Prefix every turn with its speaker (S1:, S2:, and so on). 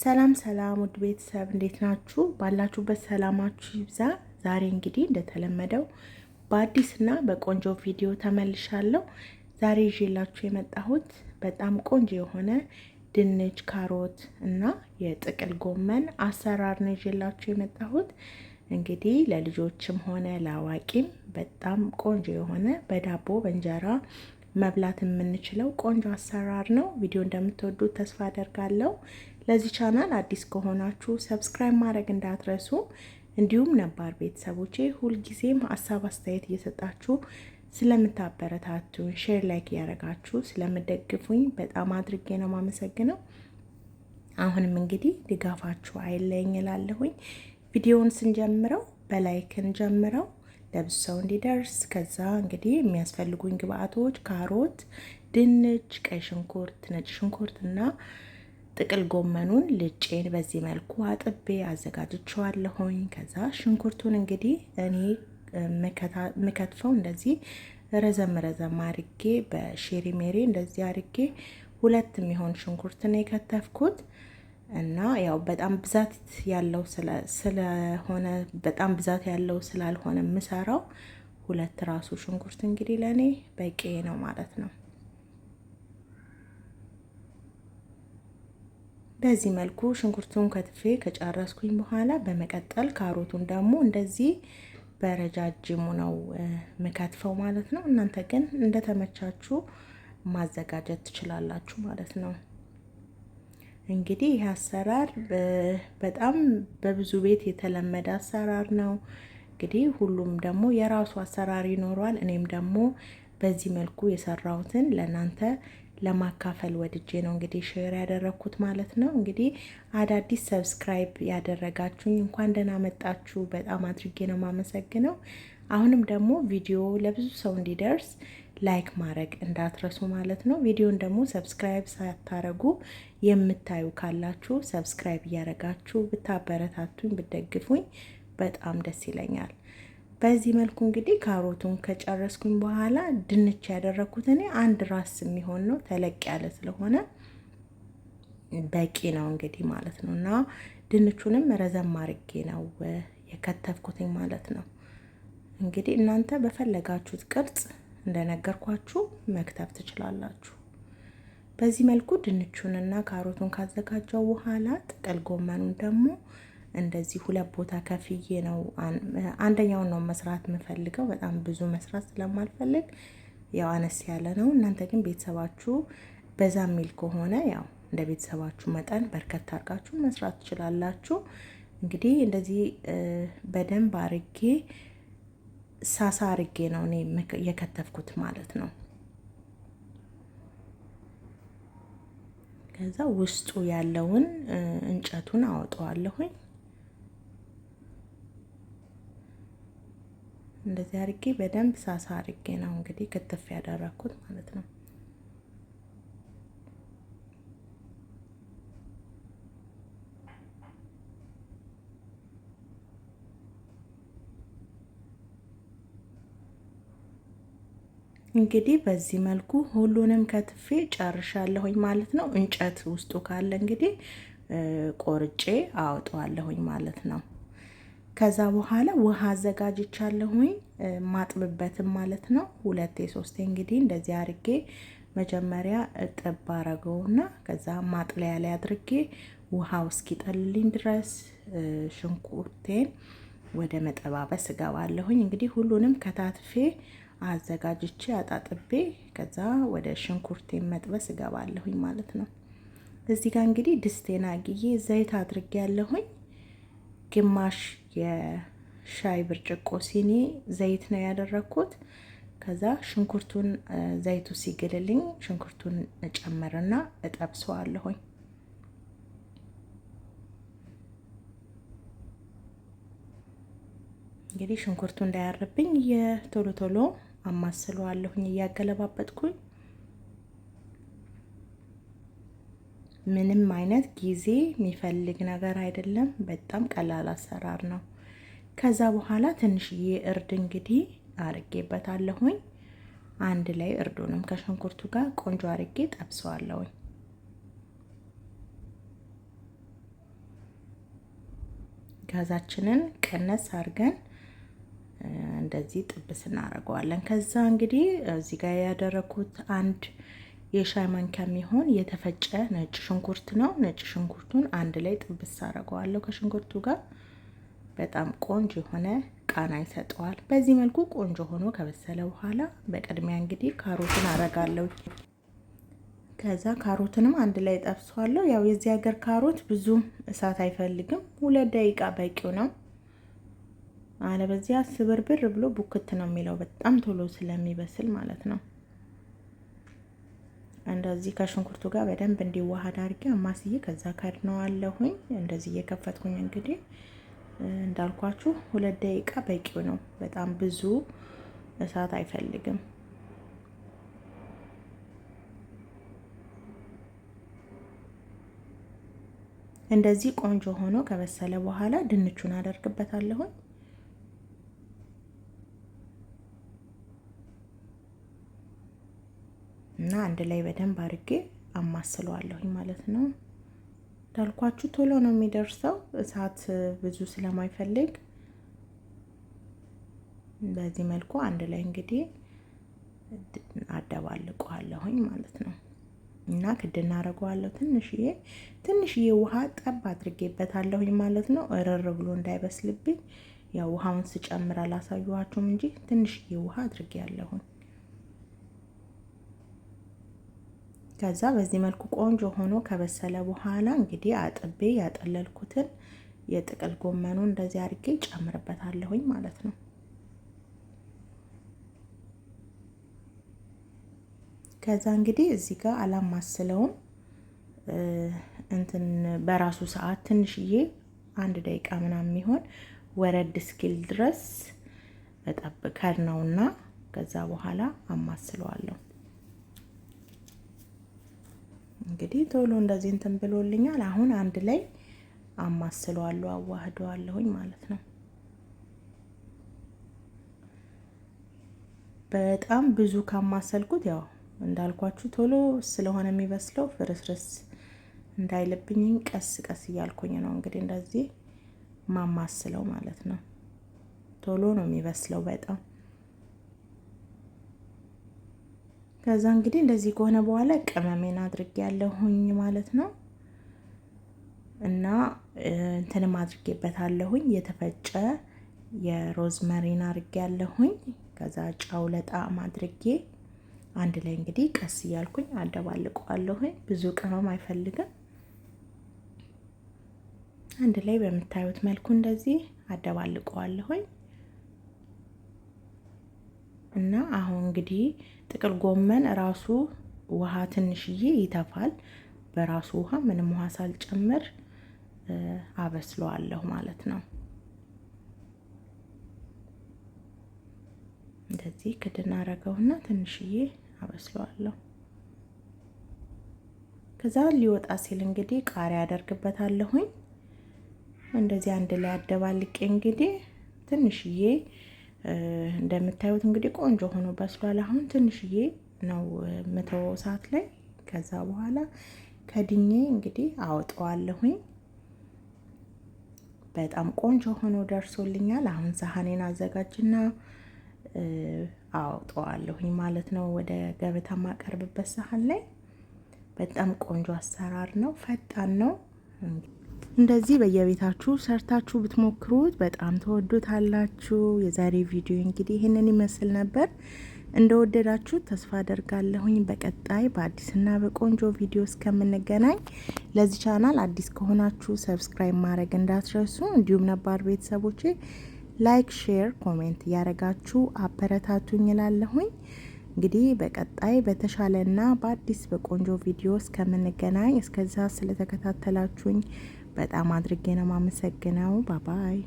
S1: ሰላም ሰላም ውድ ቤተሰብ እንዴት ናችሁ? ባላችሁበት ሰላማችሁ ይብዛ። ዛሬ እንግዲህ እንደተለመደው በአዲስና በቆንጆ ቪዲዮ ተመልሻለሁ። ዛሬ ይዤላችሁ የመጣሁት በጣም ቆንጆ የሆነ ድንች፣ ካሮት እና የጥቅል ጎመን አሰራር ነው ይዤላችሁ የመጣሁት። እንግዲህ ለልጆችም ሆነ ለአዋቂም በጣም ቆንጆ የሆነ በዳቦ በእንጀራ መብላት የምንችለው ቆንጆ አሰራር ነው። ቪዲዮ እንደምትወዱት ተስፋ አደርጋለሁ። ለዚህ ቻናል አዲስ ከሆናችሁ ሰብስክራይብ ማድረግ እንዳትረሱ። እንዲሁም ነባር ቤተሰቦቼ ሁልጊዜም ሀሳብ አስተያየት እየሰጣችሁ ስለምታበረታቱኝ ሼር ላይክ እያደረጋችሁ ስለምደግፉኝ በጣም አድርጌ ነው ማመሰግነው። አሁንም እንግዲህ ድጋፋችሁ አይለኝ እላለሁኝ። ቪዲዮውን ስንጀምረው በላይክን ጀምረው ለብዙ ሰው እንዲደርስ። ከዛ እንግዲህ የሚያስፈልጉኝ ግብአቶች ካሮት፣ ድንች፣ ቀይ ሽንኩርት፣ ነጭ ሽንኩርት እና ጥቅል ጎመኑን ልጬን በዚህ መልኩ አጥቤ አዘጋጅቸዋለሁኝ። ከዛ ሽንኩርቱን እንግዲህ እኔ የምከትፈው እንደዚህ ረዘም ረዘም አርጌ በሼሪ ሜሪ እንደዚህ አርጌ ሁለት የሚሆን ሽንኩርት ነው የከተፍኩት እና ያው በጣም ብዛት ያለው ስለሆነ በጣም ብዛት ያለው ስላልሆነ የምሰራው ሁለት ራሱ ሽንኩርት እንግዲህ ለእኔ በቂ ነው ማለት ነው። በዚህ መልኩ ሽንኩርቱን ከትፌ ከጨረስኩኝ በኋላ በመቀጠል ካሮቱን ደግሞ እንደዚህ በረጃጅሙ ነው ምከትፈው ማለት ነው። እናንተ ግን እንደተመቻችሁ ማዘጋጀት ትችላላችሁ ማለት ነው። እንግዲህ ይህ አሰራር በጣም በብዙ ቤት የተለመደ አሰራር ነው። እንግዲህ ሁሉም ደግሞ የራሱ አሰራር ይኖረዋል። እኔም ደግሞ በዚህ መልኩ የሰራሁትን ለእናንተ ለማካፈል ወድጄ ነው እንግዲህ ሼር ያደረግኩት ማለት ነው። እንግዲህ አዳዲስ ሰብስክራይብ ያደረጋችሁኝ እንኳን ደህና መጣችሁ፣ በጣም አድርጌ ነው የማመሰግነው። አሁንም ደግሞ ቪዲዮ ለብዙ ሰው እንዲደርስ ላይክ ማድረግ እንዳትረሱ ማለት ነው። ቪዲዮን ደግሞ ሰብስክራይብ ሳታረጉ የምታዩ ካላችሁ ሰብስክራይብ እያረጋችሁ ብታበረታቱኝ ብትደግፉኝ በጣም ደስ ይለኛል። በዚህ መልኩ እንግዲህ ካሮቱን ከጨረስኩኝ በኋላ ድንች ያደረግኩት እኔ አንድ ራስ የሚሆን ነው። ተለቅ ያለ ስለሆነ በቂ ነው እንግዲህ ማለት ነው። እና ድንቹንም ረዘም አርጌ ነው የከተፍኩትኝ ማለት ነው። እንግዲህ እናንተ በፈለጋችሁት ቅርጽ እንደነገርኳችሁ መክተፍ ትችላላችሁ። በዚህ መልኩ ድንቹንና ካሮቱን ካዘጋጀው በኋላ ጥቅል ጎመኑን ደግሞ እንደዚህ ሁለት ቦታ ከፍዬ ነው አንደኛውን ነው መስራት የምፈልገው። በጣም ብዙ መስራት ስለማልፈልግ ያው አነስ ያለ ነው። እናንተ ግን ቤተሰባችሁ በዛ የሚል ከሆነ ያው እንደ ቤተሰባችሁ መጠን በርከት አድርጋችሁ መስራት ትችላላችሁ። እንግዲህ እንደዚህ በደንብ አርጌ ሳሳ አርጌ ነው እኔ የከተፍኩት ማለት ነው። ከዛ ውስጡ ያለውን እንጨቱን አወጣዋለሁኝ። እንደዚህ አድርጌ በደንብ ሳሳ አድርጌ ነው እንግዲህ ክትፍ ያደረኩት ማለት ነው። እንግዲህ በዚህ መልኩ ሁሉንም ከትፌ ጨርሻለሁኝ ማለት ነው። እንጨት ውስጡ ካለ እንግዲህ ቆርጬ አውጠዋለሁኝ ማለት ነው። ከዛ በኋላ ውሃ አዘጋጅቻለሁኝ ማጥብበትም ማለት ነው። ሁለቴ ሶስቴ እንግዲህ እንደዚህ አድርጌ መጀመሪያ እጥብ አረገውና ከዛ ማጥለያ ላይ አድርጌ ውሃው እስኪጠልልኝ ድረስ ሽንኩርቴን ወደ መጠባበስ እገባለሁኝ። እንግዲህ ሁሉንም ከታትፌ አዘጋጅቼ አጣጥቤ ከዛ ወደ ሽንኩርቴን መጥበስ እገባለሁኝ ማለት ነው። እዚህ ጋር እንግዲህ ድስቴን አግዬ ዘይት አድርጌ ያለሁኝ ግማሽ የሻይ ብርጭቆ ሲኒ ዘይት ነው ያደረግኩት። ከዛ ሽንኩርቱን ዘይቱ ሲግልልኝ ሽንኩርቱን እጨምርና እጠብሰዋለሁኝ። እንግዲህ ሽንኩርቱ እንዳያርብኝ የቶሎ ቶሎ አማስለዋለሁኝ እያገለባበጥኩኝ ምንም አይነት ጊዜ የሚፈልግ ነገር አይደለም። በጣም ቀላል አሰራር ነው። ከዛ በኋላ ትንሽዬ እርድ እንግዲህ አርጌበታለሁኝ። አንድ ላይ እርዱንም ከሽንኩርቱ ጋር ቆንጆ አርጌ ጠብሰዋለሁኝ። ጋዛችንን ቀነስ አርገን እንደዚህ ጥብስ እናደርገዋለን። ከዛ እንግዲህ እዚህ ጋር ያደረኩት አንድ የሻይ ማንኪያ የሚሆን የተፈጨ ነጭ ሽንኩርት ነው። ነጭ ሽንኩርቱን አንድ ላይ ጥብስ አደርገዋለሁ ከሽንኩርቱ ጋር በጣም ቆንጆ የሆነ ቃና ይሰጠዋል። በዚህ መልኩ ቆንጆ ሆኖ ከበሰለ በኋላ በቅድሚያ እንግዲህ ካሮትን አረጋለሁ። ከዛ ካሮትንም አንድ ላይ ጠብሰዋለሁ። ያው የዚህ ሀገር ካሮት ብዙ እሳት አይፈልግም። ሁለት ደቂቃ በቂው ነው። አለበዚያ ስብርብር ብሎ ቡክት ነው የሚለው በጣም ቶሎ ስለሚበስል ማለት ነው። እንደዚህ ከሽንኩርቱ ጋር በደንብ እንዲዋሃድ አድርጌ አማስዬ ከዛ ከድነዋለሁኝ። እንደዚህ እየከፈትኩኝ እንግዲህ እንዳልኳችሁ ሁለት ደቂቃ በቂው ነው። በጣም ብዙ እሳት አይፈልግም። እንደዚህ ቆንጆ ሆኖ ከበሰለ በኋላ ድንቹን አደርግበታለሁኝ። እና አንድ ላይ በደንብ አድርጌ አማስለዋለሁኝ ማለት ነው። እንዳልኳችሁ ቶሎ ነው የሚደርሰው እሳት ብዙ ስለማይፈልግ በዚህ መልኩ አንድ ላይ እንግዲህ አደባልቀዋለሁኝ ማለት ነው እና ክድ እናደርገዋለሁ። ትንሽዬ ትንሽዬ ውሃ ጠብ አድርጌበታለሁኝ ማለት ነው፣ እርር ብሎ እንዳይበስልብኝ። ያው ውሃውን ስጨምር አላሳዩዋችሁም እንጂ ትንሽዬ ውሃ አድርጌ ያለሁኝ ከዛ በዚህ መልኩ ቆንጆ ሆኖ ከበሰለ በኋላ እንግዲህ አጥቤ ያጠለልኩትን የጥቅል ጎመኑ እንደዚህ አድርጌ ጨምርበታለሁኝ ማለት ነው። ከዛ እንግዲህ እዚህ ጋር አላማስለውም እንትን በራሱ ሰዓት ትንሽዬ አንድ ደቂቃ ምናምን የሚሆን ወረድ እስኪል ድረስ እጠብቀን ነውና ከዛ በኋላ አማስለዋለሁ። እንግዲህ ቶሎ እንደዚህ እንትን ብሎልኛል። አሁን አንድ ላይ አማስለዋለሁ አዋህደዋለሁኝ ማለት ነው። በጣም ብዙ ካማሰልኩት ያው እንዳልኳችሁ ቶሎ ስለሆነ የሚበስለው ፍርስርስ እንዳይልብኝ ቀስ ቀስ እያልኩኝ ነው እንግዲህ እንደዚህ ማማስለው ማለት ነው። ቶሎ ነው የሚበስለው በጣም ከዛ እንግዲህ እንደዚህ ከሆነ በኋላ ቅመሜን አድርጌ ያለሁኝ ማለት ነው እና እንትንም አለሁኝ የተፈጨ የሮዝመሪን አድርጌ ያለሁኝ ከዛ ጫው ለጣዕም አድርጌ አንድ ላይ እንግዲህ ቀስ እያልኩኝ አደባልቀዋለሁኝ። ብዙ ቅመም አይፈልግም። አንድ ላይ በምታዩት መልኩ እንደዚህ አደባልቀዋለሁኝ። እና አሁን እንግዲህ ጥቅል ጎመን ራሱ ውሃ ትንሽዬ ይተፋል። በራሱ ውሃ ምንም ውሃ ሳልጨምር አበስለዋለሁ ማለት ነው። እንደዚህ ክድን አረገውና ትንሽዬ አበስለዋለሁ። ከዛ ሊወጣ ሲል እንግዲህ ቃሪያ አደርግበታለሁኝ። እንደዚህ አንድ ላይ አደባልቄ እንግዲህ ትንሽዬ እንደምታዩት እንግዲህ ቆንጆ ሆኖ በስሏል። አሁን ትንሽዬ ነው ምተው ሰዓት ላይ ከዛ በኋላ ከድኜ እንግዲህ አወጣዋለሁኝ። በጣም ቆንጆ ሆኖ ደርሶልኛል። አሁን ሳህኔን አዘጋጅና አወጣዋለሁኝ ማለት ነው። ወደ ገበታ ማቀርብበት ሳህን ላይ በጣም ቆንጆ አሰራር ነው። ፈጣን ነው። እንደዚህ በየቤታችሁ ሰርታችሁ ብትሞክሩት በጣም ተወዱታላችሁ። የዛሬ ቪዲዮ እንግዲህ ይህንን ይመስል ነበር። እንደወደዳችሁ ተስፋ አደርጋለሁኝ። በቀጣይ በአዲስና በቆንጆ ቪዲዮ እስከምንገናኝ ለዚህ ቻናል አዲስ ከሆናችሁ ሰብስክራይብ ማድረግ እንዳትረሱ፣ እንዲሁም ነባር ቤተሰቦቼ ላይክ፣ ሼር፣ ኮሜንት እያደረጋችሁ አበረታቱኝ እላለሁኝ። እንግዲህ በቀጣይ በተሻለና በአዲስ በቆንጆ ቪዲዮ እስከምንገናኝ እስከዛ ስለተከታተላችሁኝ በጣም አድርጌ ነው የማመሰግነው። ባባይ